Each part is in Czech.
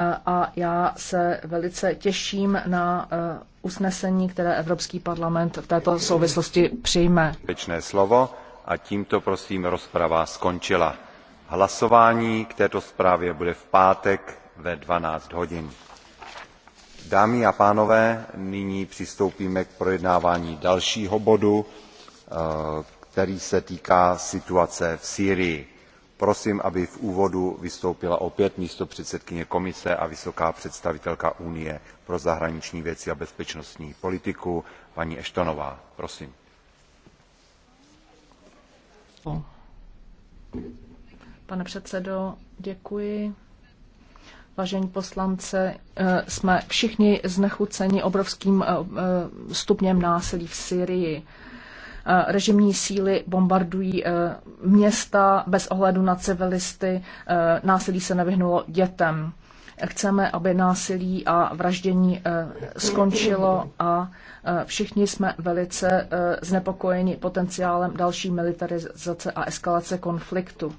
E, a já se velice těším na e, usnesení, které Evropský parlament v této souvislosti přijme. Věčné slovo a tímto prosím rozprava skončila. Hlasování k této zprávě bude v pátek ve 12 hodin. Dámy a pánové, nyní přistoupíme k projednávání dalšího bodu, e, který se týká situace v Sýrii prosím aby v úvodu vystoupila opět místopředsedkyně komise a vysoká představitelka unie pro zahraniční věci a bezpečnostní politiku paní ashtonová. prosím. pane předsedo děkuji. Vážení poslance, eh, jsme všichni znechuceni obrovským eh, eh, stupněm násilí v Syrii. Eh, režimní síly bombardují eh, města bez ohledu na civilisty, eh, násilí se nevyhnulo dětem. Chceme, aby násilí a vraždění skončilo a všichni jsme velice znepokojeni potenciálem další militarizace a eskalace konfliktu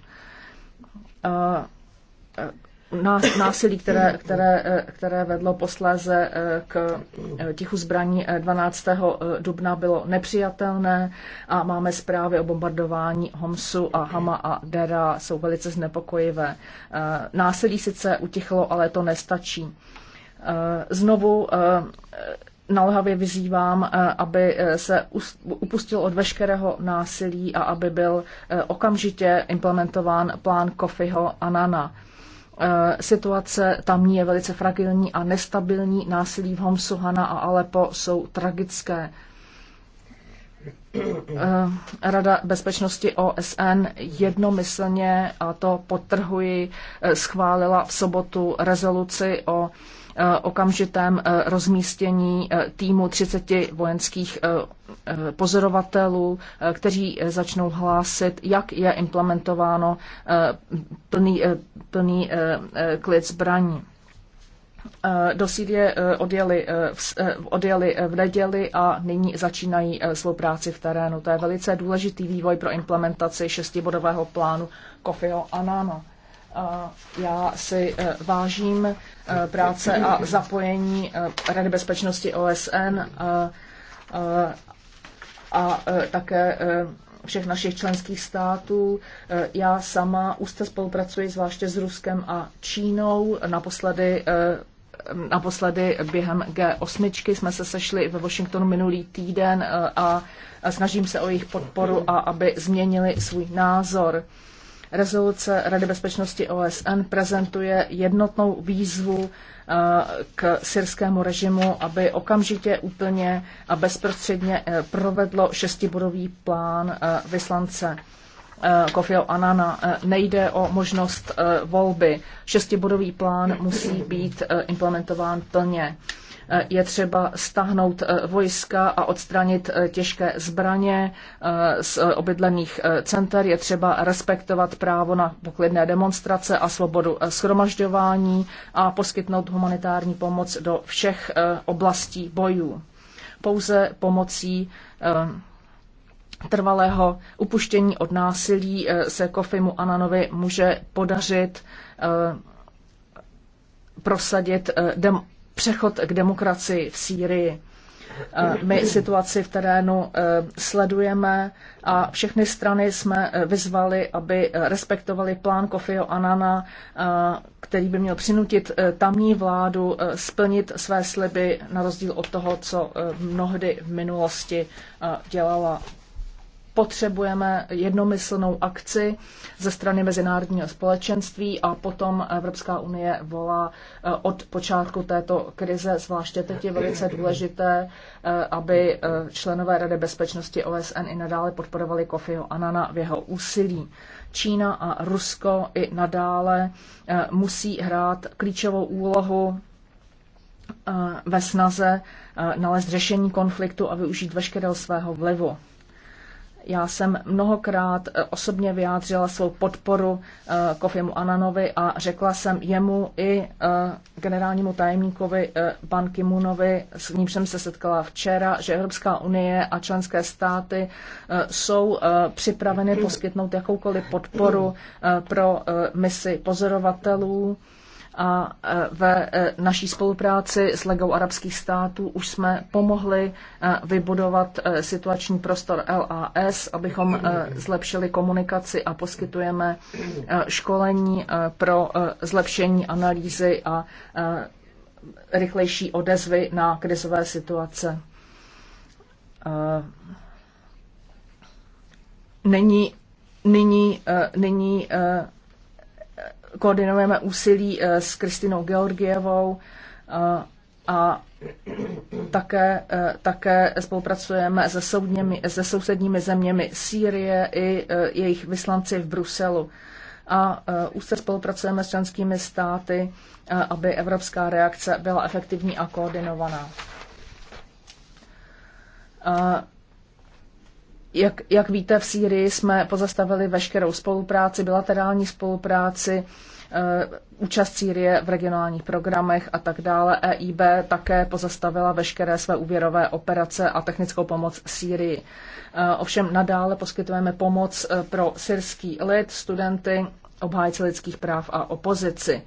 násilí, které, které, eh, které vedlo posléze eh, k eh, tichu zbraní 12. dubna, bylo nepřijatelné a máme zprávy o bombardování Homsu a Hama a Dera, jsou velice znepokojivé. Násilí sice utichlo, ale to nestačí. Znovu nalhavě vyzývám, aby se upustil od veškerého násilí a aby byl okamžitě implementován plán Kofiho Anana Eh, situace tamní je velice fragilní a nestabilní. Násilí v Homsu, Hana a Alepo jsou tragické. Eh, Rada bezpečnosti OSN jednomyslně, a to potrhuji, eh, schválila v sobotu rezoluci o Eh, okamžitém eh, rozmístění eh, týmu 30 vojenských pozorovatelů, kteří začnou hlásit, jak je implementováno plný, plný klid zbraní do Sýrie odjeli, odjeli v neděli a nyní začínají svou práci v terénu. To je velice důležitý vývoj pro implementaci šestibodového plánu Kofio Anano. Já si vážím Eh, práce a zapojení eh, Rady bezpečnosti OSN eh, a, a, a také všech našich členských států. Já sama úzce spolupracuji zvláště s Ruskem a Čínou. Naposledy Naposledy během G8 jsme se sešli ve Washingtonu minulý týden a snažím se o jejich podporu a aby změnili svůj názor. Rezoluce Rady bezpečnosti OSN prezentuje jednotnou výzvu eh, k syrskému režimu, aby okamžitě úplně a bezprostředně eh, provedlo šestibodový plán eh, vyslance Eh, Kofio Anana eh, nejde o možnost eh, volby. Šestibodový plán musí být implementován plně. Je třeba stáhnout vojska a odstranit těžké zbraně z obydlených center. Je třeba respektovat právo na poklidné demonstrace a svobodu schromažďování a poskytnout humanitární pomoc do všech oblastí bojů. Pouze pomocí trvalého upuštění od násilí eh, se Kofimu Ananovi může podařit eh, prosadit eh, dem- přechod k demokracii v Sýrii. My situaci v terénu sledujeme a všechny strany jsme vyzvali, aby respektovali plán Kofio Anana, který by měl přinutit tamní vládu splnit své sliby na rozdíl od toho, co mnohdy v minulosti dělala potřebujeme jednomyslnou akci ze strany mezinárodního společenství a potom Evropská unie volá eh, od počátku této krize, zvláště teď je velice důležité, eh, aby eh, členové Rady bezpečnosti OSN i nadále podporovali Kofiho Anana v jeho úsilí. Čína a Rusko i nadále musí hrát klíčovou úlohu ve snaze nalézt řešení konfliktu a využít veškerého svého vlivu. Já jsem mnohokrát eh, osobně vyjádřila svou podporu eh, Kofimu Ananovi a řekla jsem jemu i eh, generálnímu tajemníkovi Ban Kimunovi, s ním jsem se setkala včera, že Evropská unie a členské státy jsou připraveny poskytnout jakoukoliv podporu pro misi pozorovatelů a ve e, naší spolupráci s Legou arabských států už jsme pomohli e, vybudovat e, situační prostor LAS, abychom zlepšili komunikaci a poskytujeme školení pro zlepšení analýzy a rychlejší odezvy na krizové situace. Nyní, nyní, nyní koordinujeme úsilí eh, s Kristinou Georgievou eh, a také, eh, také spolupracujeme se, soudněmi, se sousedními zeměmi Sýrie i jejich vyslanci v Bruselu. A úzce spolupracujeme s členskými státy, aby evropská reakce byla efektivní a koordinovaná. Jak, jak víte, v Sýrii jsme pozastavili veškerou spolupráci, bilaterální spolupráci, eh, účast Sýrie v regionálních programech a tak dále. EIB také pozastavila veškeré své úvěrové operace a technickou pomoc Sýrii. Eh, ovšem nadále poskytujeme pomoc eh, pro syrský lid, studenty, obhájce lidských práv a opozici.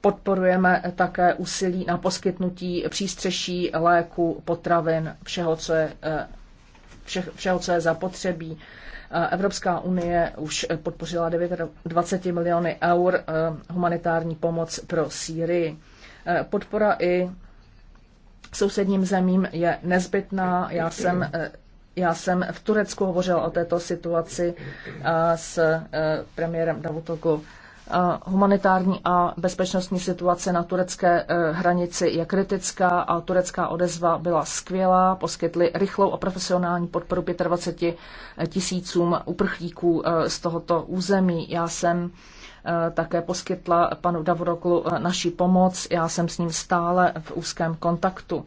Podporujeme také úsilí na poskytnutí přístřeší, léku, potravin, všeho, co je vše, všeho, co je zapotřebí. Eh, Evropská unie už podpořila 29 miliony eur eh, humanitární pomoc pro Sýrii. Eh, podpora i sousedním zemím je nezbytná. Já jsem, já jsem v Turecku hovořil o této situaci s premiérem Davutoglu Humanitární a bezpečnostní situace na turecké eh, hranici je kritická a turecká odezva byla skvělá. Poskytli rychlou a profesionální podporu 25 eh, tisícům uprchlíků eh, z tohoto území. Já jsem také poskytla panu Davodoklu naši pomoc. Já jsem s ním stále v úzkém kontaktu.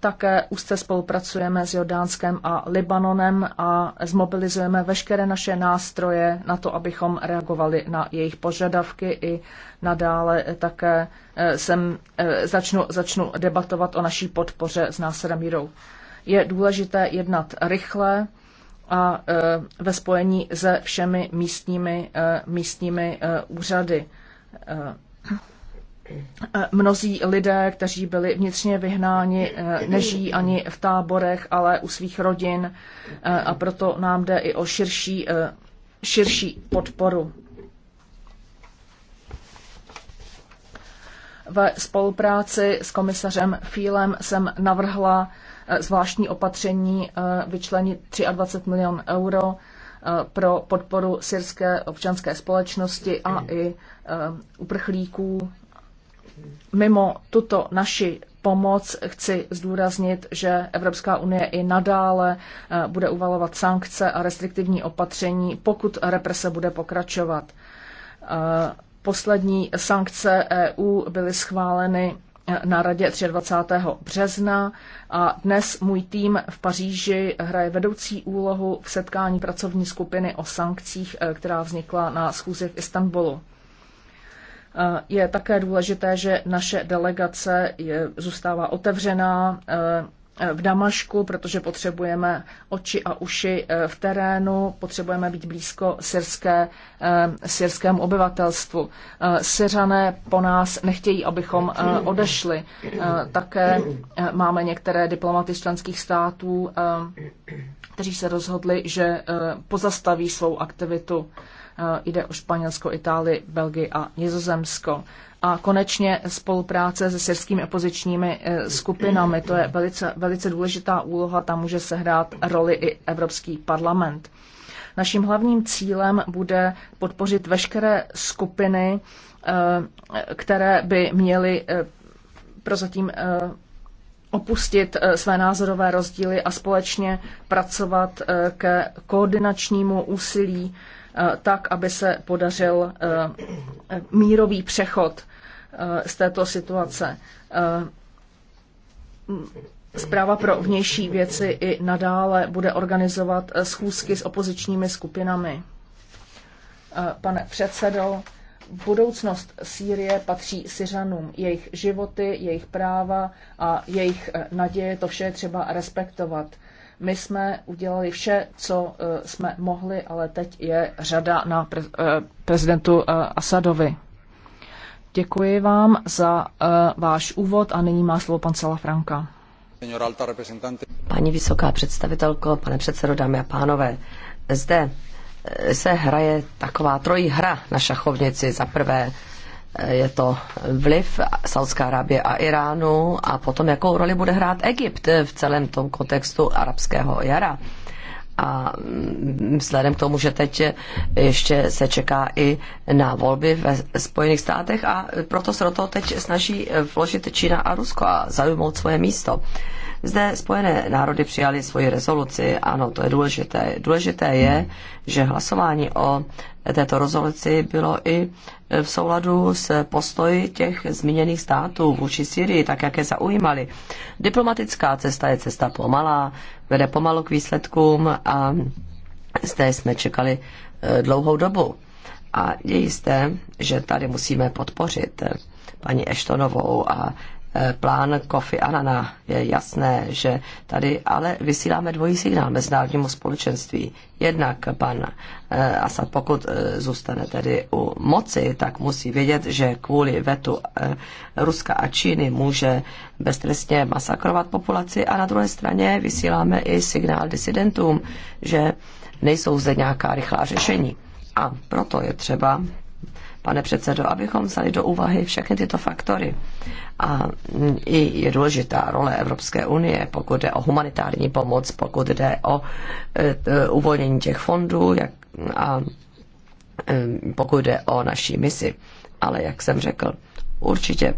Také úzce spolupracujeme s Jordánskem a Libanonem a zmobilizujeme veškeré naše nástroje na to, abychom reagovali na jejich požadavky i nadále také eh, sem eh, začnu, začnu debatovat o naší podpoře s Náserem Jirou. Je důležité jednat rychle a eh, ve spojení se všemi místními, místními úřady mnozí lidé, kteří byli vnitřně vyhnáni, eh, nežijí ani v táborech, ale u svých rodin eh, a proto nám jde i o širší, eh, širší podporu. Ve spolupráci s komisařem Fílem jsem navrhla zvláštní opatření vyčlenit 23 milion euro pro podporu syrské občanské společnosti a i uprchlíků mimo tuto naši pomoc chci zdůraznit, že Evropská unie i nadále eh, bude uvalovat sankce a restriktivní opatření, pokud represe bude pokračovat. Eh, poslední sankce EU byly schváleny eh, na radě 23. března a dnes můj tým v Paříži hraje vedoucí úlohu v setkání pracovní skupiny o sankcích, která vznikla na schůzi v Istanbulu. Je také důležité, že naše delegace je, zůstává otevřená eh, v Damašku, protože potřebujeme oči a uši eh, v terénu, potřebujeme být blízko syrské, eh, syrskému obyvatelstvu. Syřané po nás nechtějí, abychom odešli. Také máme některé diplomaty z členských států, kteří se rozhodli, že pozastaví svou aktivitu Eh, jde o Španělsko, Itálii, Belgii a Nizozemsko. A konečně spolupráce se syrskými opozičními eh, skupinami. To je velice, velice důležitá úloha, tam může sehrát roli i Evropský parlament. Naším hlavním cílem bude podpořit veškeré skupiny, eh, které by měly prozatím opustit své názorové rozdíly a společně pracovat ke koordinačnímu úsilí Eh, tak, aby se podařil eh, mírový přechod eh, z této situace. Zpráva pro vnější věci i nadále bude organizovat schůzky s opozičními skupinami. Pane předsedo, budoucnost Sýrie patří Syřanům. Jejich životy, jejich práva a jejich naděje, to vše je třeba respektovat. My jsme udělali vše, co e, jsme mohli, ale teď je řada na e, prezidentu e, Asadovi. Děkuji vám za váš úvod a nyní má slovo pan Salafranka. Paní vysoká představitelko, pane předsedo, dámy a pánové, zde se hraje taková trojí hra na šachovnici. Za prvé je to vliv Saudské Arábie a Iránu a potom jakou roli bude hrát Egypt v celém tom kontextu arabského jara. A vzhledem k tomu, že teď ještě se čeká i na volby ve Spojených státech a proto se do toho teď snaží vložit Čína a Rusko a zajmout svoje místo. Zde Spojené národy přijali svoji rezoluci, ano, to je důležité. Důležité je, že hlasování o této rezoluci bylo i v souladu s postoji těch zmíněných států vůči Syrii, tak jak je zaujímali. Diplomatická cesta je cesta pomalá, vede pomalu k výsledkům a zde jsme čekali eh, dlouhou dobu. A je jisté, že tady musíme podpořit eh, paní Eštonovou a Eh, plán Kofi Anana. Je jasné, že tady ale vysíláme dvojí signál mezinárodnímu společenství. Jednak pan eh, Asad, pokud eh, zůstane tedy u moci, tak musí vědět, že kvůli vetu Ruska a Číny může beztrestně masakrovat populaci a na druhé straně vysíláme i signál disidentům, že nejsou zde nějaká rychlá řešení. A proto je třeba pane předsedo, abychom vzali do úvahy všechny tyto faktory. A i je důležitá role Evropské unie, pokud jde o humanitární pomoc, pokud jde o e, uvolnění těch fondů jak, a e, pokud jde o naší misi. Ale jak jsem řekl, určitě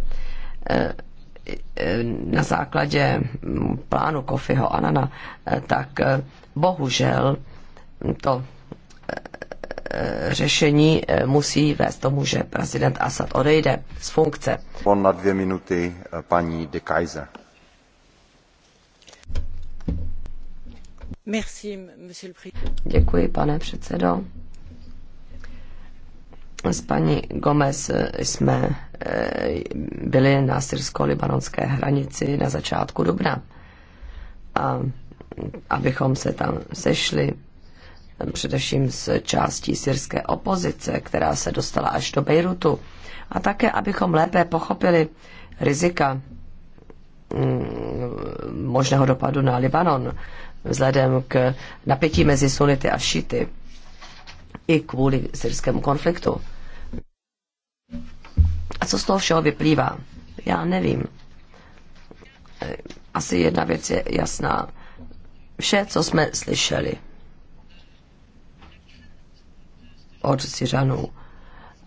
e, na základě plánu Kofiho Anana, tak bohužel to Eh, řešení eh, musí vést tomu, že prezident Assad odejde z funkce. On na dvě minuty eh, paní de Kaiser. Děkuji, pane předsedo. S paní Gomez jsme byli na syrsko-libanonské hranici na začátku dubna. A abychom se tam sešli především z částí syrské opozice, která se dostala až do Bejrutu. A také, abychom lépe pochopili rizika mm, možného dopadu na Libanon vzhledem k napětí mezi sunity a šity i kvůli syrskému konfliktu. A co z toho všeho vyplývá? Já nevím. Asi jedna věc je jasná. Vše, co jsme slyšeli, od Syřanů.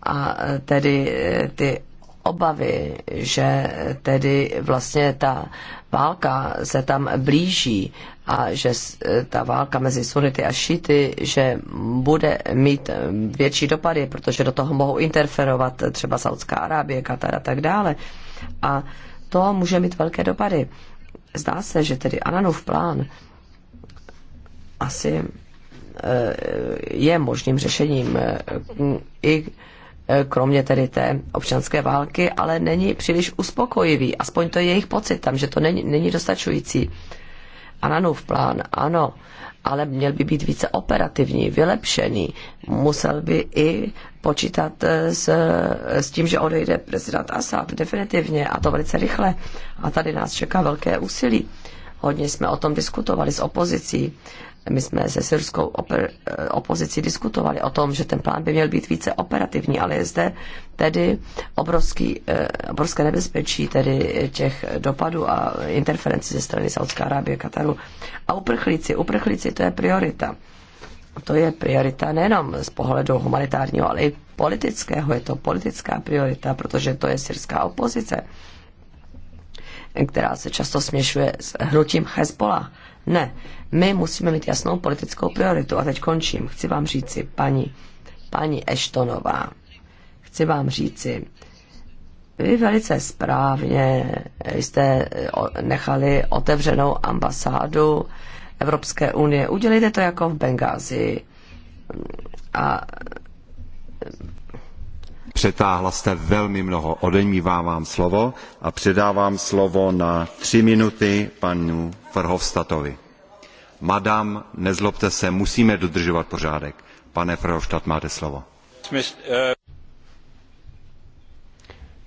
A e, tedy e, ty obavy, že e, tedy vlastně ta válka se tam blíží a že ta válka mezi sunity a šity, že bude mít větší dopady, protože do toho mohou interferovat třeba Saudská Arábie, Katar a tak dále. A to může mít velké dopady. Zdá se, že tedy Ananův plán asi Eh, je možným řešením eh, i eh, kromě tedy té občanské války, ale není příliš uspokojivý. Aspoň to je jejich pocit tam, že to není, není dostačující. Ananův plán, ano, ale měl by být více operativní, vylepšený. Musel by i počítat s, s tím, že odejde prezident Assad definitivně a to velice rychle. A tady nás čeká velké úsilí. Hodně jsme o tom diskutovali s opozicí my jsme se syrskou oper, eh, opozicí diskutovali o tom, že ten plán by měl být více operativní, ale je zde tedy obrovský, eh, obrovské nebezpečí tedy těch dopadů a interferencí ze strany Saudské Arábie, Kataru. A uprchlíci, uprchlíci to je priorita. To je priorita nejenom z pohledu humanitárního, ale i politického. Je to politická priorita, protože to je syrská opozice, která se často směšuje s hnutím Hezbollah ne, my musíme mít jasnou politickou prioritu. A teď končím. Chci vám říci, paní, paní Eštonová, chci vám říci, vy velice správně jste eh, nechali otevřenou ambasádu Evropské unie. Udělejte to jako v Bengázi. A Přetáhla jste velmi mnoho. Odemývám vám slovo a předávám slovo na tři minuty panu Verhofstadtovi. Madam, nezlobte se, musíme dodržovat pořádek. Pane Verhofstadt, máte slovo.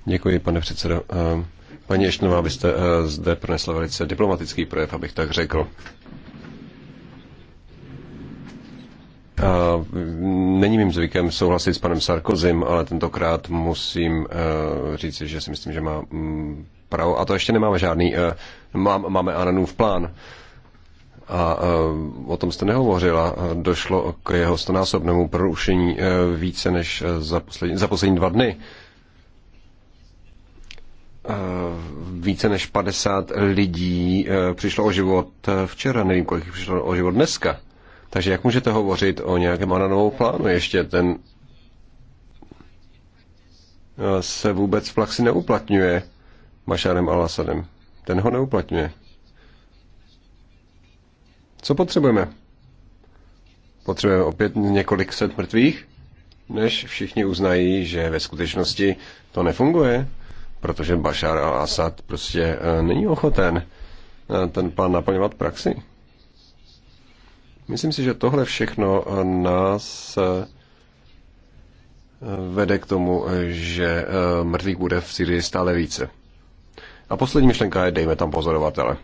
Děkuji, pane předsedo. Ehm, paní Eštnová, vy jste eh, zde pronesla velice diplomatický projev, abych tak řekl. Mm, není mým zvykem souhlasit s panem Sarkozym, ale tentokrát musím e, říct, že si myslím, že má mm, právo. A to ještě nemáme žádný. E, máme v plán. A e, o tom jste nehovořila. Došlo k jeho stonásobnému prorušení více než za poslední, za poslední dva dny více než 50 lidí přišlo o život včera, nevím, kolik přišlo o život dneska. Takže jak můžete hovořit o nějakém ananovou plánu? Ještě ten eh, se vůbec v praxi neuplatňuje Mašarem al-Assadem. Ten ho neuplatňuje. Co potřebujeme? Potřebujeme opět několik set mrtvých, než všichni uznají, že ve skutečnosti to nefunguje, protože Bašar al-Assad prostě eh, není ochoten eh, ten plán naplňovat praxi. Myslím si, že tohle všechno eh, nás eh, vede k tomu, že eh, mrtvých bude v Syrii stále více. A poslední myšlenka je, dejme tam pozorovatele.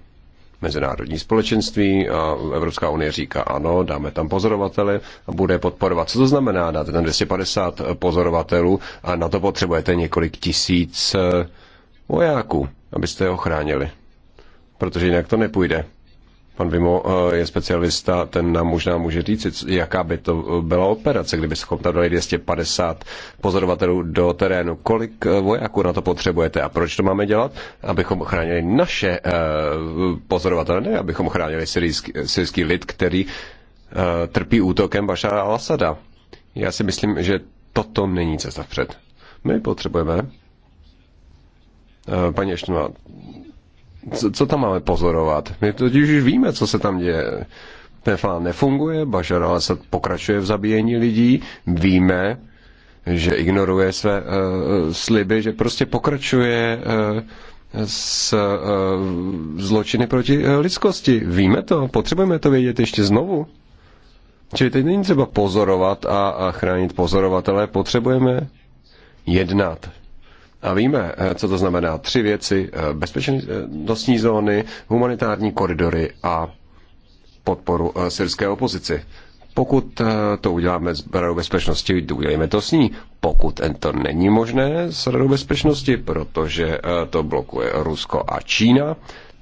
Mezinárodní společenství a Evropská unie říká ano, dáme tam pozorovatele a bude podporovat. Co to znamená? Dáte tam 250 pozorovatelů a na to potřebujete několik tisíc vojáků, abyste je ochránili. Protože jinak to nepůjde. Pan Vimo eh, je specialista, ten nám možná může říct, jaká by to byla operace, kdyby schopna dali 250 pozorovatelů do terénu. Kolik eh, vojáků na to potřebujete a proč to máme dělat? Abychom chránili naše eh, pozorovatele, ne abychom chránili syrijský, syrijský lid, který trpí útokem Bashar al assada Já si myslím, že toto není cesta vpřed. My potřebujeme, paní Eštenová, co, co tam máme pozorovat? My totiž už víme, co se tam děje. Ten plán nefunguje, Bašar se pokračuje v zabíjení lidí, víme, že ignoruje své uh, sliby, že prostě pokračuje uh, s uh, zločiny proti uh, lidskosti. Víme to, potřebujeme to vědět ještě znovu. Čili teď není třeba pozorovat a, a chránit pozorovatele, potřebujeme jednat. A víme, eh, co to znamená. Tři věci. Eh, bezpečnostní zóny, humanitární koridory a podporu eh, syrské opozici. Pokud to uděláme s Radou bezpečnosti, udělejme to s ní. Pokud to není možné s Radou bezpečnosti, protože to blokuje Rusko a Čína,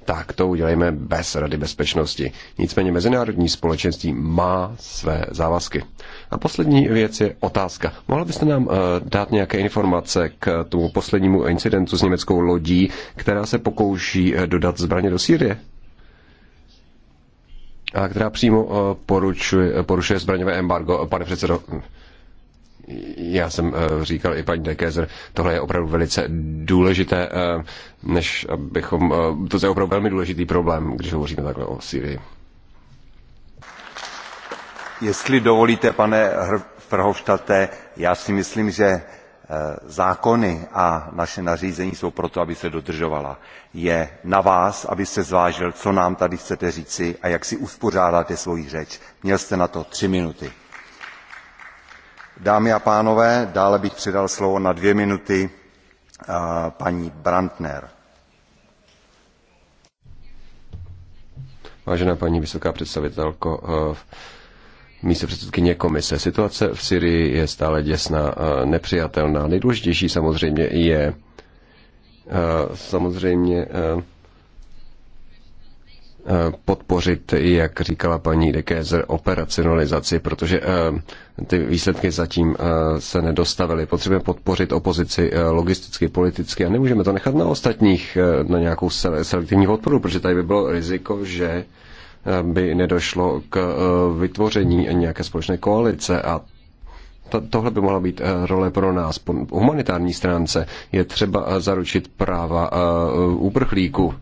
tak to udělejme bez Rady bezpečnosti. Nicméně mezinárodní společenství má své závazky. A poslední věc je otázka. Mohla byste nám eh, dát nějaké informace k tomu poslednímu incidentu s německou lodí, která se pokouší eh, dodat zbraně do Sýrie? A která přímo eh, poručuje, porušuje zbraňové embargo. Pane předsedo, já jsem eh, říkal i paní Dekézer, tohle je opravdu velice důležité, eh, než abychom, eh, to je opravdu velmi důležitý problém, když hovoříme takhle o Syrii. Jestli dovolíte, pane Frhoštate, já si myslím, že zákony a naše nařízení jsou proto, aby se dodržovala. Je na vás, abyste zvážil, co nám tady chcete říci a jak si uspořádáte svoji řeč. Měl jste na to tři minuty. Dámy a pánové, dále bych předal slovo na dvě minuty eh, paní Brandner. Vážená paní vysoká představitelko, eh, místo předsedkyně komise, situace v Syrii je stále děsná, eh, nepřijatelná. Nejdůležitější samozřejmě je samozřejmě Eh, podpořit, jak říkala paní Dekézer, operacionalizaci, protože eh, ty výsledky zatím eh, se nedostavily. Potřebujeme podpořit opozici logisticky, politicky a nemůžeme to nechat na ostatních na nějakou selektivní podporu, protože tady by bylo riziko, že by nedošlo k vytvoření nějaké společné koalice a tohle by mohla být role pro nás. Po humanitární stránce je třeba zaručit práva úprchlíku.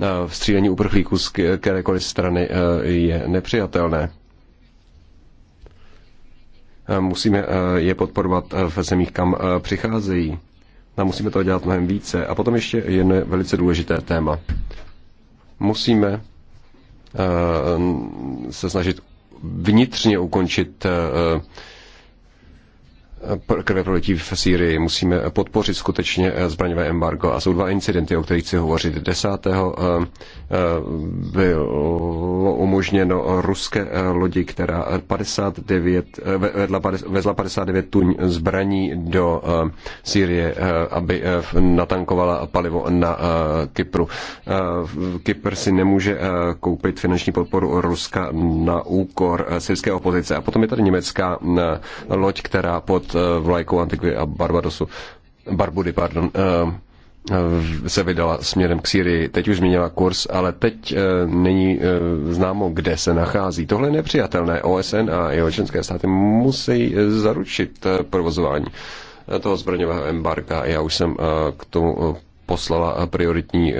Eh, střílení uprchlíků z kterékoliv strany eh, je nepřijatelné. Eh, musíme je podporovat v zemích, kam přicházejí. A musíme to dělat mnohem více. A potom ještě jedno je velice důležité téma. Musíme se snažit vnitřně ukončit krve prolití v Sýrii. Musíme podpořit skutečně eh, zbraňové embargo. A jsou dva incidenty, o kterých chci hovořit. 10. Eh, eh, bylo umožněno ruské lodi, která 59, vedla, vezla 59 tuň zbraní do Sýrie, aby natankovala palivo na Kypru. Kypr si nemůže koupit finanční podporu Ruska na úkor syrské opozice. A potom je tady německá loď, která pod Eh, vlajkou Antikvy a Barbadosu, Barbudy, pardon, eh, eh, se vydala směrem k Syrii. Teď už změnila kurz, ale teď není známo, kde se nachází. Tohle je nepřijatelné. OSN a jeho členské státy musí zaručit provozování toho zbraňového embarka. Já už jsem k tomu poslala prioritní eh,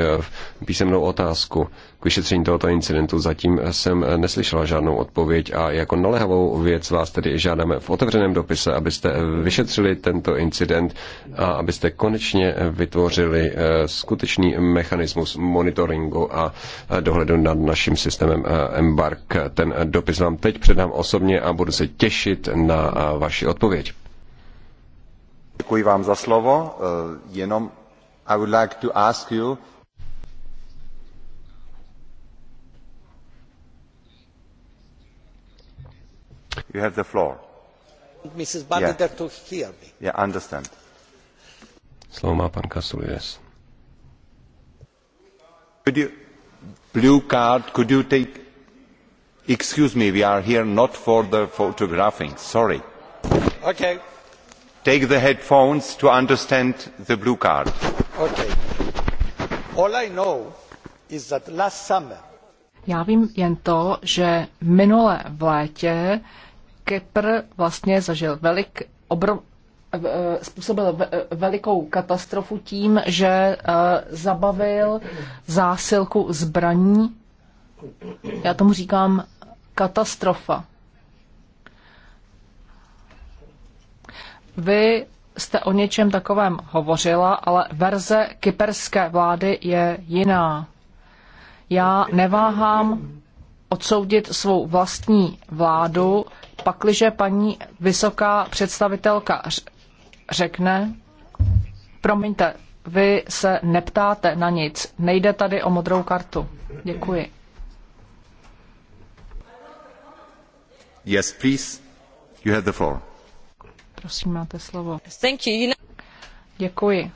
písemnou otázku k vyšetření tohoto incidentu. Zatím jsem eh, neslyšela žádnou odpověď a jako naléhavou věc vás tedy žádáme v otevřeném dopise, abyste eh, vyšetřili tento incident a abyste konečně vytvořili skutečný mechanismus monitoringu a dohledu nad naším systémem embark. Ten dopis vám teď předám osobně a budu se těšit na vaši odpověď. Děkuji vám za slovo. Jenom i would like to ask you You have the floor. Mrs. Badinter yeah. to hear me. Yeah, understand. Slovo má pan Kasulides. Could you, blue card, could you take, excuse me, we are here not for the photographing, sorry. Okay take the headphones to understand the blue card. All I know is that last summer... Já vím jen to, že minulé v létě Kypr vlastně zažil velik, obrov, eh, způsobil velikou katastrofu tím, že eh, zabavil zásilku zbraní. Já tomu říkám katastrofa. Vy jste o něčem takovém hovořila, ale verze kyperské vlády je jiná. Já neváhám odsoudit svou vlastní vládu, pakliže paní vysoká představitelka řekne, promiňte, vy se neptáte na nic, nejde tady o modrou kartu. Děkuji. Yes, please. You have the floor. Prosím, máte slovo. Děkuji.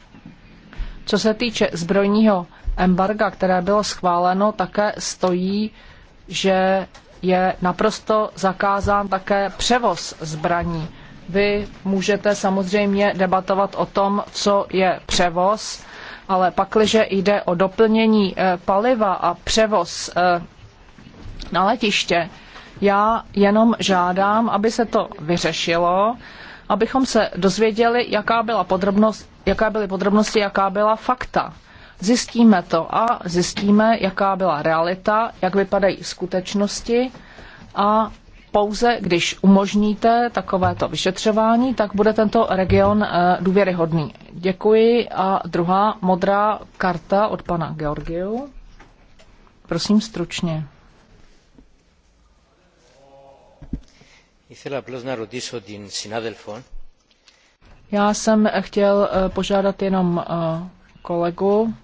Co se týče zbrojního embarga, které bylo schváleno, také stojí, že je naprosto zakázán také převoz zbraní. Vy můžete samozřejmě debatovat o tom, co je převoz, ale pakliže jde o doplnění eh, paliva a převoz eh, na letiště, já jenom žádám, aby se to vyřešilo abychom se dozvěděli, jaká, byla podrobnost, jaká byly podrobnosti, jaká byla fakta. Zjistíme to a zjistíme, jaká byla realita, jak vypadají skutečnosti a pouze když umožníte takovéto vyšetřování, tak bude tento region eh, důvěryhodný. Děkuji a druhá modrá karta od pana Georgiu. Prosím stručně. Já jsem chtěl eh, požádat jenom eh, kolegu.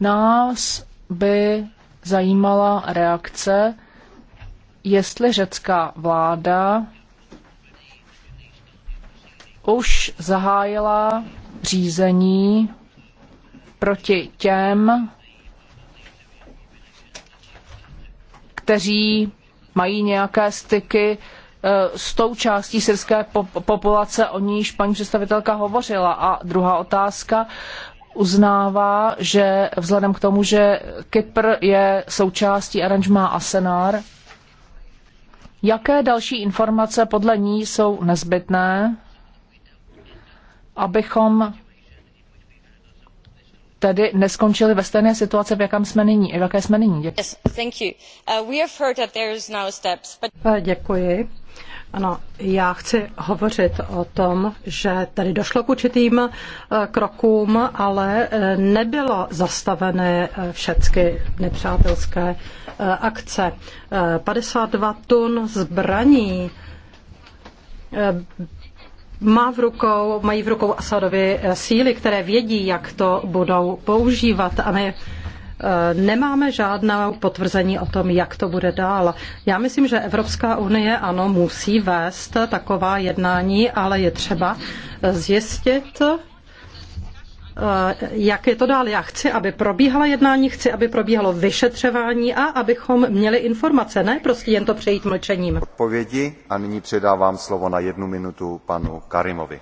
Nás by zajímala reakce, jestli řecká vláda už zahájila řízení proti těm, kteří mají nějaké styky e, s tou částí syrské populace, o níž paní představitelka hovořila. A druhá otázka uznává, že vzhledem k tomu, že Kypr je součástí aranžmá Asenar, jaké další informace podle ní jsou nezbytné, abychom tedy neskončili ve stejné situaci, v jaké jsme nyní. V jaké jsme nyní. Děkuji. Yes, thank you. Uh, we have heard that there is now steps, Děkuji. Ano, já chci hovořit o tom, že tady došlo k určitým uh, krokům, ale uh, nebylo zastavené všechny nepřátelské akce. 52 tun zbraní má v rukou, mají v rukou Asadovi eh, síly, které vědí, jak to budou používat a my eh, nemáme žádná potvrzení o tom, jak to bude dál. Já myslím, že Evropská unie ano, musí vést taková jednání, ale je třeba zjistit, Eh, jak je to dál. Já chci, aby probíhala jednání, chci, aby probíhalo vyšetřování a abychom měli informace, ne prostě jen to přejít mlčením. Odpovědi a nyní předávám slovo na jednu minutu panu Karimovi.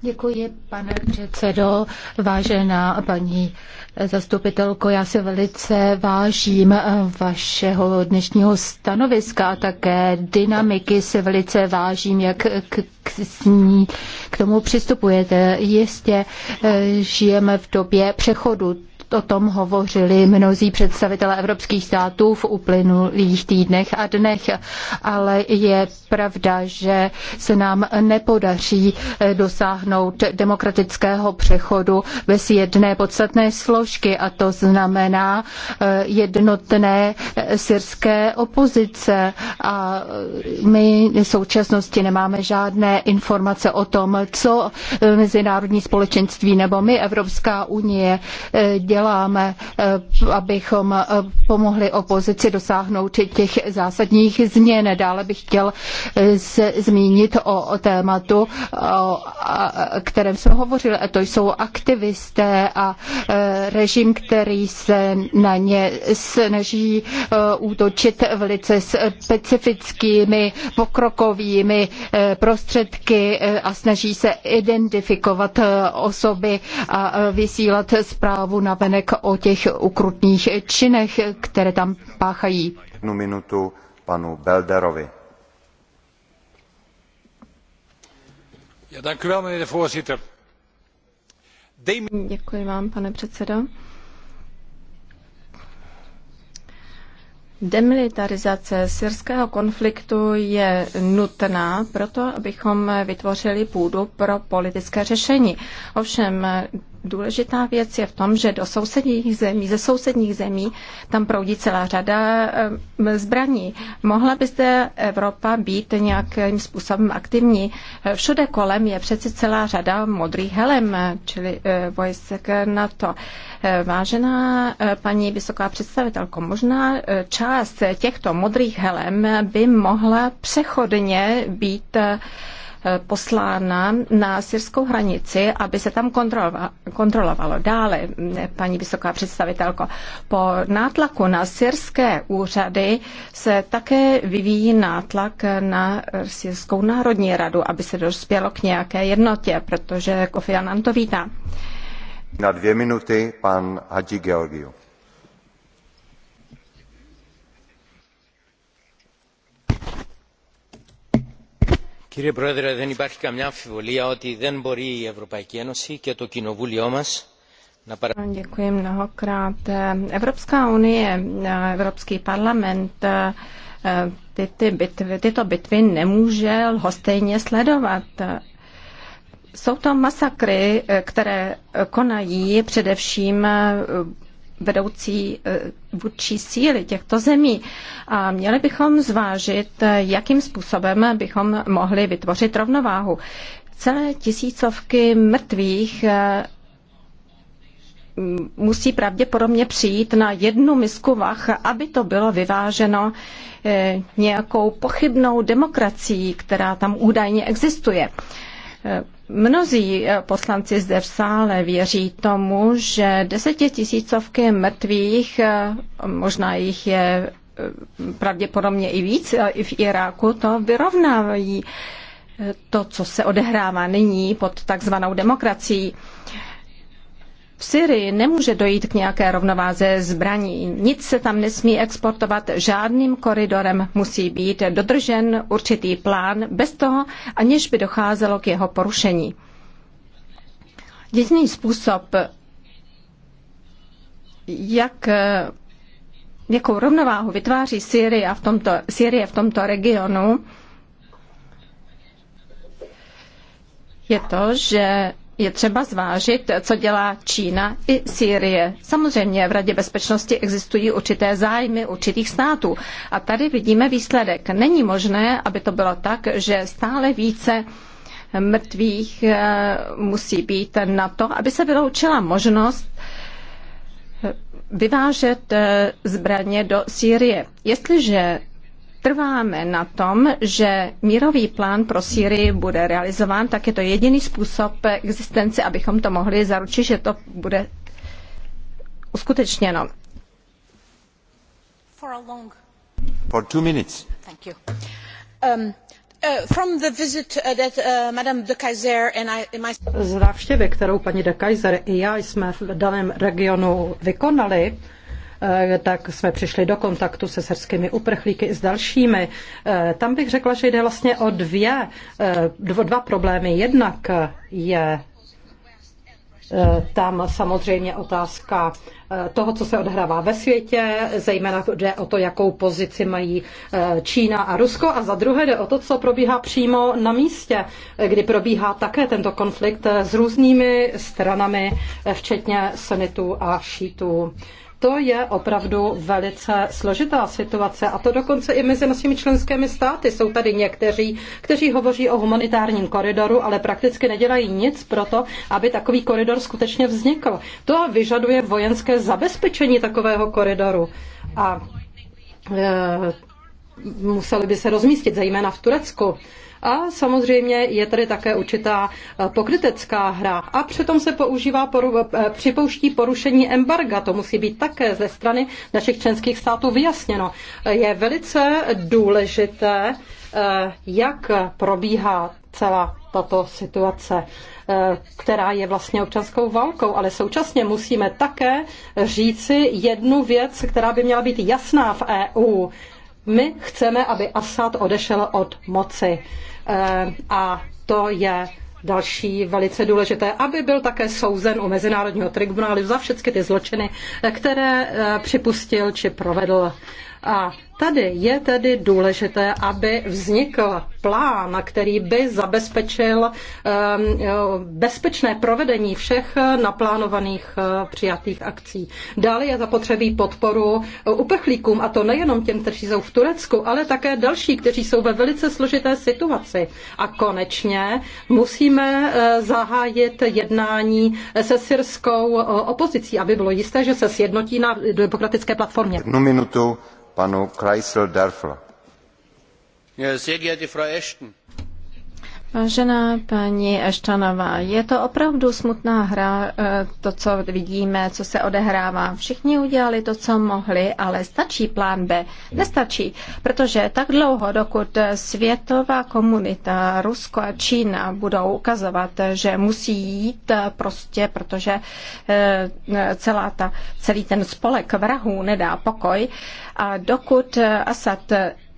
Děkuji, pane předsedající vážená paní zastupitelko, já si velice vážím vašeho dnešního stanoviska a také dynamiky si velice vážím, jak k, k, ní k tomu přistupujete. Jistě eh, žijeme v době přechodu O tom hovořili mnozí představitelé evropských států v uplynulých týdnech a dnech, ale je pravda, že se nám nepodaří eh, dosáhnout demokratického přechodu bez jedné podstatné složky a to znamená eh, jednotné eh, syrské opozice a my v současnosti nemáme žádné informace o tom, co mezinárodní společenství nebo my Evropská unie dělá děláme, eh, abychom eh, pomohli opozici dosáhnout těch zásadních změn. Dále bych chtěl eh, se zmínit o tématu, o kterém jsme hovořili, a to jsou aktivisté a režim, který se na ně snaží útočit velice specifickými pokrokovými prostředky a snaží se identifikovat osoby a vysílat zprávu na web myšlenek o těch ukrutných činech, které tam páchají. Jednu minutu panu Belderovi. Děkuji vám, pane předsedo. Demilitarizace syrského konfliktu je nutná proto, abychom vytvořili půdu pro politické řešení. Ovšem důležitá věc je v tom, že do sousedních zemí, ze sousedních zemí tam proudí celá řada eh, zbraní. Mohla by zde Evropa být nějakým způsobem aktivní? Všude kolem je přeci celá řada modrých helem, čili eh, vojsek NATO. Eh, vážená paní vysoká představitelko, možná část těchto modrých helem by mohla přechodně být Eh, poslána na syrskou hranici, aby se tam kontrolovalo. Dále, mm, paní vysoká představitelko, po nátlaku na syrské úřady se také vyvíjí nátlak na syrskou národní radu, aby se dospělo k nějaké jednotě, protože Kofi Annan to vítá. Na dvě minuty pan Hadži Georgiou. Κύριε Πρόεδρε, δεν υπάρχει καμιά αμφιβολία ότι δεν μπορεί η Ευρωπαϊκή Ένωση και το κοινοβούλιο μας Děkuji mnohokrát. Evropská unie, Evropský parlament eh, ty, ty bitvy, tyto bitvy nemůže lhostejně sledovat. Jsou to masakry, eh, které konají především eh, vedoucí eh, vůdčí síly těchto zemí. A měli bychom zvážit, eh, jakým způsobem bychom mohli vytvořit rovnováhu. Celé tisícovky mrtvých eh, musí pravděpodobně přijít na jednu misku vach, aby to bylo vyváženo nějakou pochybnou demokracií, která tam údajně existuje. Mnozí poslanci zde v sále věří tomu, že desetitisícovky mrtvých, možná jich je eh, pravděpodobně i víc, eh, i v Iráku, to vyrovnávají eh, to, co se odehrává nyní pod takzvanou demokracií. V Syrii nemůže dojít k nějaké rovnováze zbraní. Nic se tam nesmí exportovat, žádným koridorem musí být dodržen určitý plán, bez toho, aniž by docházelo k jeho porušení. Jediný způsob, jak jakou rovnováhu vytváří Syrie v tomto, Syrie v tomto regionu, je to, že je třeba zvážit, co dělá Čína i Sýrie. Samozřejmě v Radě bezpečnosti existují určité zájmy určitých států. A tady vidíme výsledek. Není možné, aby to bylo tak, že stále více mrtvých eh, musí být na to, aby se vyloučila možnost eh, vyvážet eh, zbraně do Sýrie. Jestliže trváme na tom, že mírový plán pro Sýrii bude realizován, tak je to jediný způsob existence, abychom to mohli zaručit, že to bude uskutečněno. For a long... For two minutes. Thank you. Um, uh, uh, uh, z návštěvy, kterou paní de Kaiser i já jsme v daném regionu vykonali, Eh, tak jsme přišli do kontaktu se srdskými uprchlíky i s dalšími. Eh, tam bych řekla, že jde vlastně o dvě, eh, dva problémy. Jednak je tam samozřejmě otázka toho, co se odhrává ve světě, zejména jde o to, jakou pozici mají Čína a Rusko a za druhé jde o to, co probíhá přímo na místě, kdy probíhá také tento konflikt s různými stranami, včetně Senitu a Šítu. To je opravdu velice složitá situace a to dokonce i mezi našimi členskými státy. Jsou tady někteří, kteří hovoří o humanitárním koridoru, ale prakticky nedělají nic pro to, aby takový koridor skutečně vznikl. To vyžaduje vojenské zabezpečení takového koridoru. A e, museli by se rozmístit, zejména v Turecku. E, a samozřejmě je tady také určitá eh, pokrytecká hra. A přitom se používá, poru, eh, připouští porušení embarga. To musí být také ze strany našich členských států vyjasněno. Eh, je velice důležité, jak probíhá celá tato situace, která je vlastně občanskou válkou, ale současně musíme také říci jednu věc, která by měla být jasná v EU. My chceme, aby Assad odešel od moci. Eh, a to je další velice důležité, aby byl také souzen u Mezinárodního tribunálu za všechny ty zločiny, eh, které eh, připustil či provedl. A tady je tedy důležité, aby vznikl plán, který by zabezpečil ehm, eh, bezpečné provedení všech eh, naplánovaných eh, přijatých akcí. Dále je zapotřebí podporu uprchlíkům, a to nejenom těm, kteří jsou v Turecku, ale také další, kteří jsou ve velice složité situaci. A konečně musíme zahájit jednání se syrskou opozicí, aby bylo jisté, že se sjednotí na demokratické platformě. Jednu minutu panu Kreisel Darflu. Ja, sehr geehrte Frau Ashton, Vážená paní Eštanová, je to opravdu smutná hra, eh, to, co vidíme, co se odehrává. Všichni udělali to, co mohli, ale stačí plán B. Nestačí, protože tak dlouho, dokud světová komunita, Rusko a Čína budou ukazovat, že musí jít eh, prostě, protože eh, celá ta, celý ten spolek vrahů nedá pokoj, a dokud Asad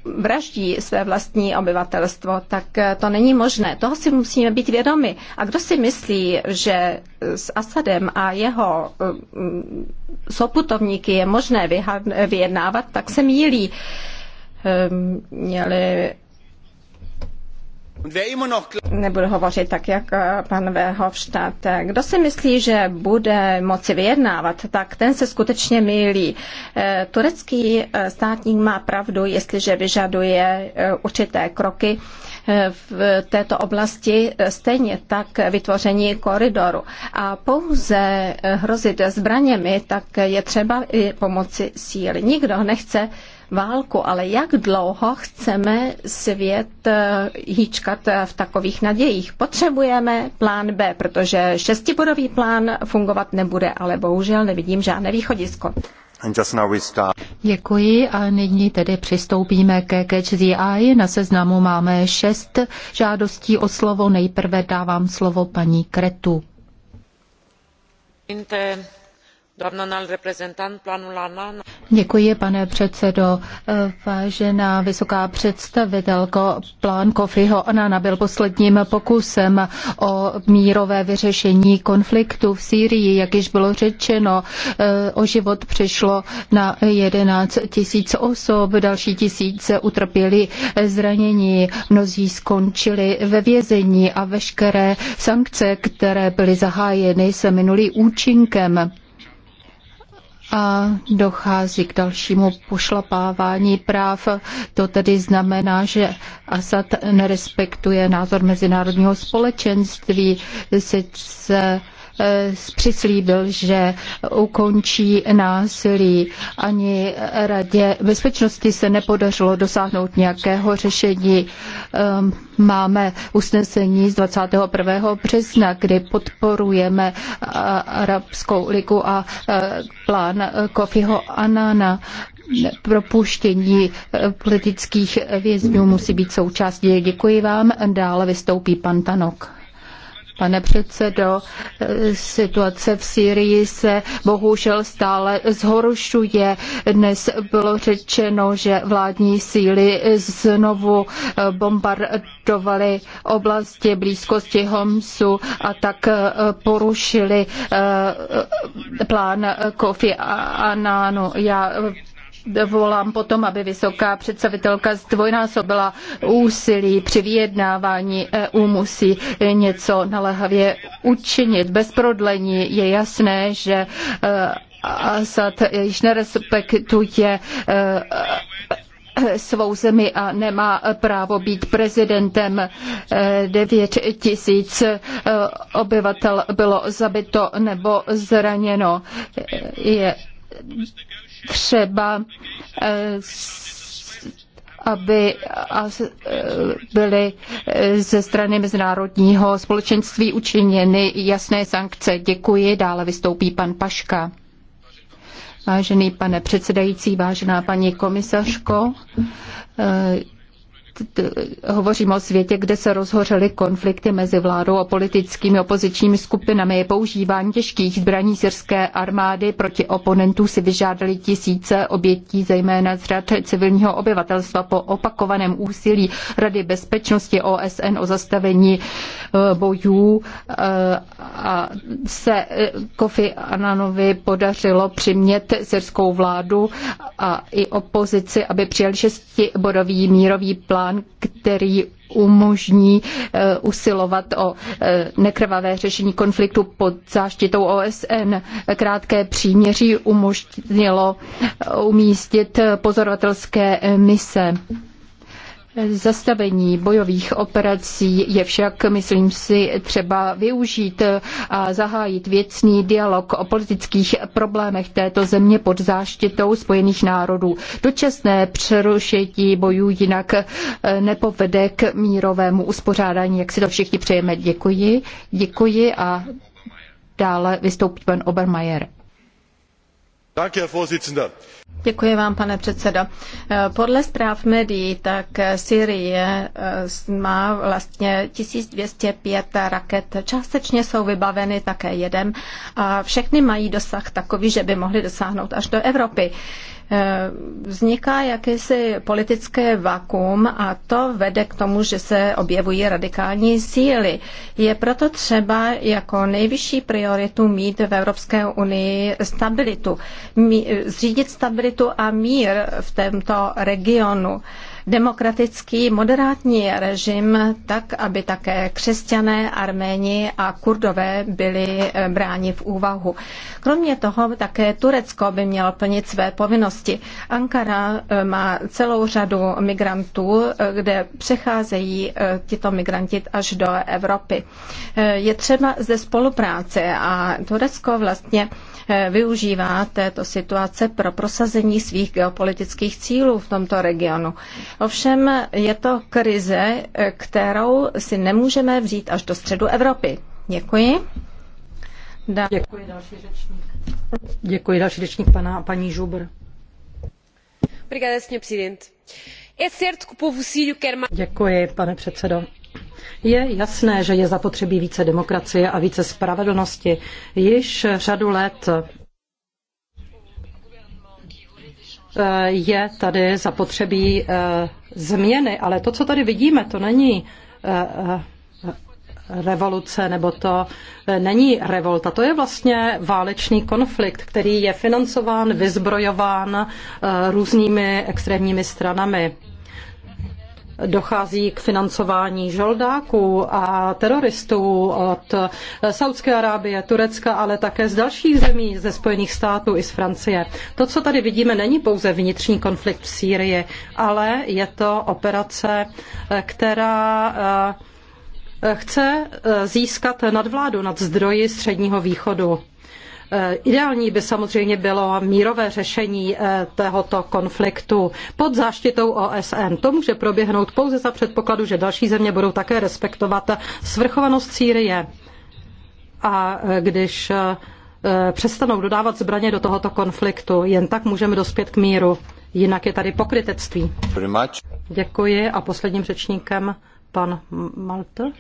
vraždí své vlastní obyvatelstvo, tak eh, to není možné. Toho si musíme být vědomi. A kdo si myslí, že s Asadem a jeho eh, soputovníky je možné vyjednávat, tak se mílí. Ehm, měli Nebudu hovořit tak, jak eh, pan Verhofstadt. Kdo si myslí, že bude moci vyjednávat, tak ten se skutečně mýlí. Eh, turecký eh, státník má pravdu, jestliže vyžaduje určité kroky v této oblasti, stejně tak vytvoření koridoru. A pouze hrozit zbraněmi, tak je třeba i pomoci síly. Nikdo nechce válku, ale jak dlouho chceme svět eh, hýčkat eh, v takových nadějích? Potřebujeme plán B, protože šestibodový plán fungovat nebude, ale bohužel nevidím žádné východisko. Děkuji a nyní tedy přistoupíme ke Catch the Eye. Na seznamu máme šest žádostí o slovo. Nejprve dávám slovo paní Kretu. Děkuji, pane předsedo. Vážená vysoká představitelko, plán Kofiho Anana byl posledním pokusem o mírové vyřešení konfliktu v Sýrii. Jak již bylo řečeno, o život přišlo na 11 tisíc osob, další tisíce utrpěli zranění, mnozí skončili ve vězení a veškeré sankce, které byly zahájeny, se minulý účinkem a dochází k dalšímu pošlapávání práv. To tedy znamená, že Asad nerespektuje názor mezinárodního společenství, sice Eh, přislíbil, že ukončí násilí. Ani Radě bezpečnosti se nepodařilo dosáhnout nějakého řešení. Ehm, máme usnesení z 21. března, kdy podporujeme Arabskou ligu a eh, plán Kofiho Anana propuštění eh, politických vězňů musí být součástí. Děkuji vám. Dále vystoupí pan Tanok. Pane předsedo, situace v Sýrii se bohužel stále zhoršuje. Dnes bylo řečeno, že vládní síly znovu eh, bombardovaly oblasti blízkosti Homsu a tak eh, porušili eh, plán Kofi Anánu. Já volám potom, aby vysoká představitelka zdvojnásobila úsilí při vyjednávání EU musí něco naléhavě učinit. Bez prodlení je jasné, že e, Asad již nerespektuje e, svou zemi a nemá právo být prezidentem. 9 tisíc e, obyvatel bylo zabito nebo zraněno. Je třeba eh, aby eh, eh, byly ze strany mezinárodního společenství učiněny jasné sankce. Děkuji. Dále vystoupí pan Paška. Vážený pane předsedající, vážená paní komisařko, hovořím o světě, kde se rozhořely konflikty mezi vládou a politickými opozičními skupinami. Používání těžkých zbraní syrské armády proti oponentů si vyžádali tisíce obětí, zejména z řad civilního obyvatelstva po opakovaném úsilí Rady bezpečnosti OSN o zastavení eh, bojů eh, a se eh, Kofi Ananovi podařilo přimět syrskou vládu a i opozici, aby přijali šestibodový mírový plán plán, který umožní eh, usilovat o eh, nekrvavé řešení konfliktu pod záštitou OSN. Krátké příměří umožnilo eh, umístit pozorovatelské mise. Zastavení bojových operací je však, myslím si, třeba využít a zahájit věcný dialog o politických problémech této země pod záštitou Spojených národů. Dočasné přerušení bojů jinak eh, nepovede k mírovému uspořádání, jak si to všichni přejeme. Děkuji. Děkuji a dále vystoupí pan Obermajer. Děkuji vám, pane předsedo. Eh, podle zpráv médií, tak eh, Syrie eh, má vlastně 1205 raket. Částečně jsou vybaveny také jedem a všechny mají dosah takový, že by mohly dosáhnout až do Evropy. Eh, vzniká jakési politické vakuum a to vede k tomu, že se objevují radikální síly. Je proto třeba jako nejvyšší prioritu mít v Evropské unii stabilitu, eh, zřídit stabilitu a mír v tomto regionu demokratický moderátní režim tak, aby také křesťané, arméni a kurdové byli eh, bráni v úvahu. Kromě toho také Turecko by mělo plnit své povinnosti. Ankara eh, má celou řadu migrantů, eh, kde přecházejí tito migranti až do Evropy. Je třeba zde spolupráce a Turecko vlastně využívá této situace pro prosazení svých geopolitických cílů v tomto regionu. Ovšem je to krize, kterou si nemůžeme vzít až do středu Evropy. Děkuji. Da. Děkuji další řečník. Děkuji další řečník pana, paní Žubr. Děkuji, pane předsedo. Je jasné, že je zapotřebí více demokracie a více spravedlnosti. Již řadu let Eh, je tady zapotřebí eh, změny, ale to, co tady vidíme, to není eh, revoluce, nebo to není revolta. To je vlastně válečný konflikt, který je financován, vyzbrojován různými extrémními stranami. Dochází k financování žoldáků a teroristů od Saudské Arábie, Turecka, ale také z dalších zemí, ze Spojených států i z Francie. To, co tady vidíme, není pouze vnitřní konflikt v Sýrii, ale je to operace, která eh, chce eh, získat nadvládu nad zdroji Středního východu. Eh, ideální by samozřejmě bylo mírové řešení eh, tohoto konfliktu pod záštitou OSN. To může proběhnout pouze za předpokladu, že další země budou také respektovat svrchovanost Sýrie. A eh, když přestanou dodávat zbraně do tohoto konfliktu, jen tak můžeme dospět k míru. Jinak je tady pokrytectví. Děkuji a posledním řečníkem pan Malte.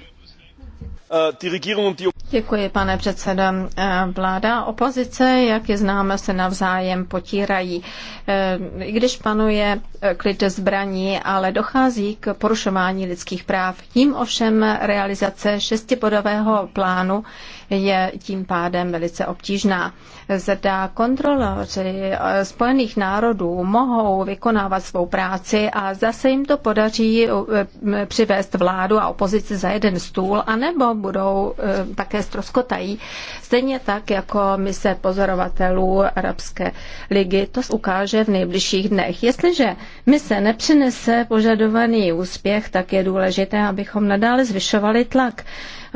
Eh, Děkuji, pane předsedo. Eh, vláda a opozice, jak je známe, se navzájem potírají. Eh, I když panuje klid zbraní, ale dochází k porušování lidských práv. Tím ovšem realizace šestibodového plánu je tím pádem velice obtížná. Zda kontroloři eh, Spojených národů mohou vykonávat svou práci a zase jim to podaří eh, přivést vládu a opozici za jeden stůl, anebo budou eh, také stroskotají. Stejně tak jako mise pozorovatelů Arabské ligy, to ukáže v nejbližších dnech. Jestliže mise nepřinese požadovaný úspěch, tak je důležité, abychom nadále zvyšovali tlak.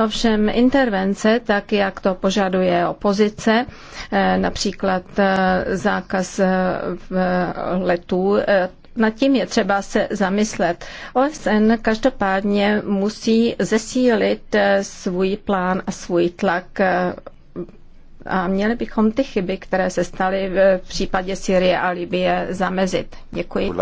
Ovšem intervence tak tak jak to požaduje opozice, eh, například eh, zákaz eh, letů nad tím je třeba se zamyslet. OSN každopádně musí zesílit svůj plán a svůj tlak a měli bychom ty chyby, které se staly v případě Syrie a Libie, zamezit. Děkuji.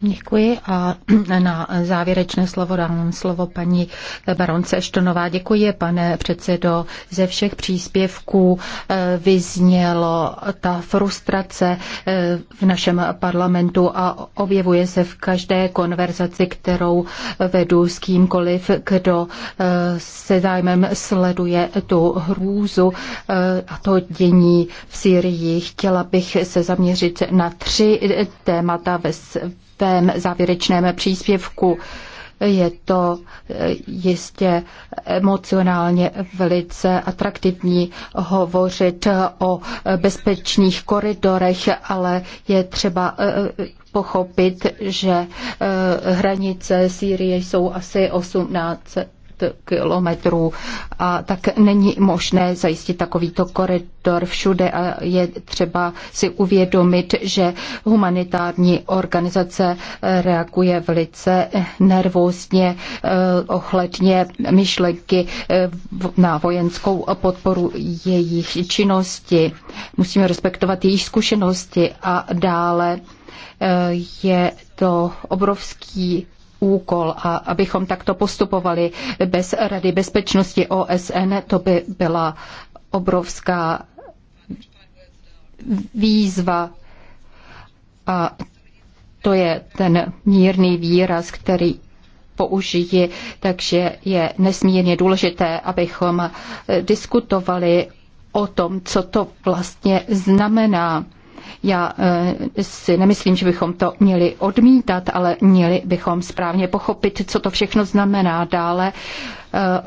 Děkuji a na závěrečné slovo dám slovo paní baronce Štonová. Děkuji, pane předsedo. Ze všech příspěvků eh, vyznělo ta frustrace eh, v našem parlamentu a objevuje se v každé konverzaci, kterou vedu s kýmkoliv, kdo eh, se zájmem sleduje tu hrůzu, Eh, a to dění v Syrii. Chtěla bych se zaměřit na tři eh, témata ve svém závěrečném příspěvku. Je to eh, jistě emocionálně velice atraktivní hovořit o bezpečných koridorech, ale je třeba pochopit, že hranice Sýrie jsou asi 18 kilometrů a tak není možné zajistit takovýto koridor všude a je třeba si uvědomit, že humanitární organizace eh, reaguje velice eh, nervózně eh, ohledně myšlenky na vojenskou podporu jejich činnosti. Musíme respektovat jejich zkušenosti a dále je to obrovský úkol a abychom takto postupovali bez Rady bezpečnosti OSN, to by byla obrovská výzva a to je ten mírný výraz, který použiji, takže je nesmírně důležité, abychom diskutovali o tom, co to vlastně znamená. Já eh, si nemyslím, že bychom to měli odmítat, ale měli bychom správně pochopit, co to všechno znamená. Dále eh,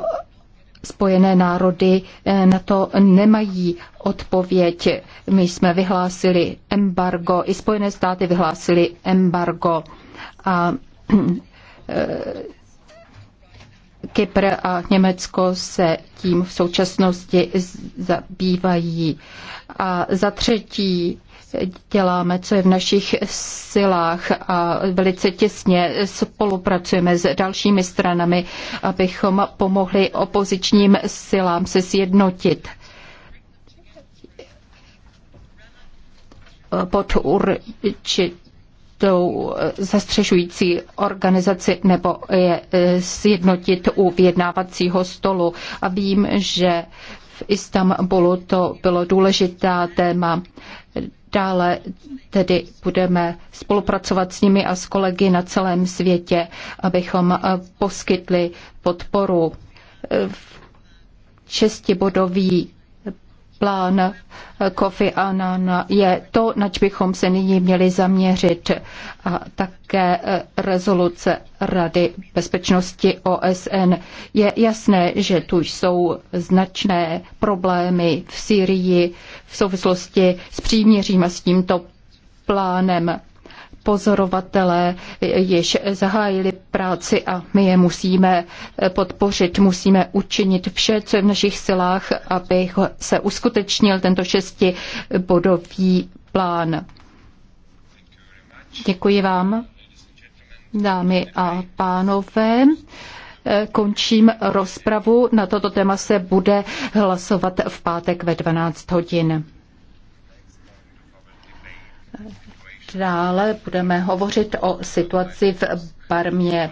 Spojené národy eh, na to nemají odpověď. My jsme vyhlásili embargo, i Spojené státy vyhlásili embargo. A Kypr a Německo se tím v současnosti zabývají. A za třetí děláme, co je v našich silách a velice těsně spolupracujeme s dalšími stranami, abychom pomohli opozičním silám se sjednotit. pod určitou zastřešující organizaci nebo je sjednotit u vyjednávacího stolu. A vím, že v Istanbulu to bylo důležitá téma. Dále tedy budeme spolupracovat s nimi a s kolegy na celém světě, abychom eh, poskytli podporu. Čestibodový eh, plán Kofi Annan je to, nač bychom se nyní měli zaměřit. A také eh, rezoluce Rady bezpečnosti OSN. Je jasné, že tu jsou značné problémy v Syrii v souvislosti s příměřím a s tímto plánem pozorovatelé již zahájili práci a my je musíme podpořit. Musíme učinit vše, co je v našich silách, aby se uskutečnil tento šestibodový plán. Děkuji vám, dámy a pánové. Končím rozpravu. Na toto téma se bude hlasovat v pátek ve 12 hodin. Dále budeme hovořit o situaci v Barmě.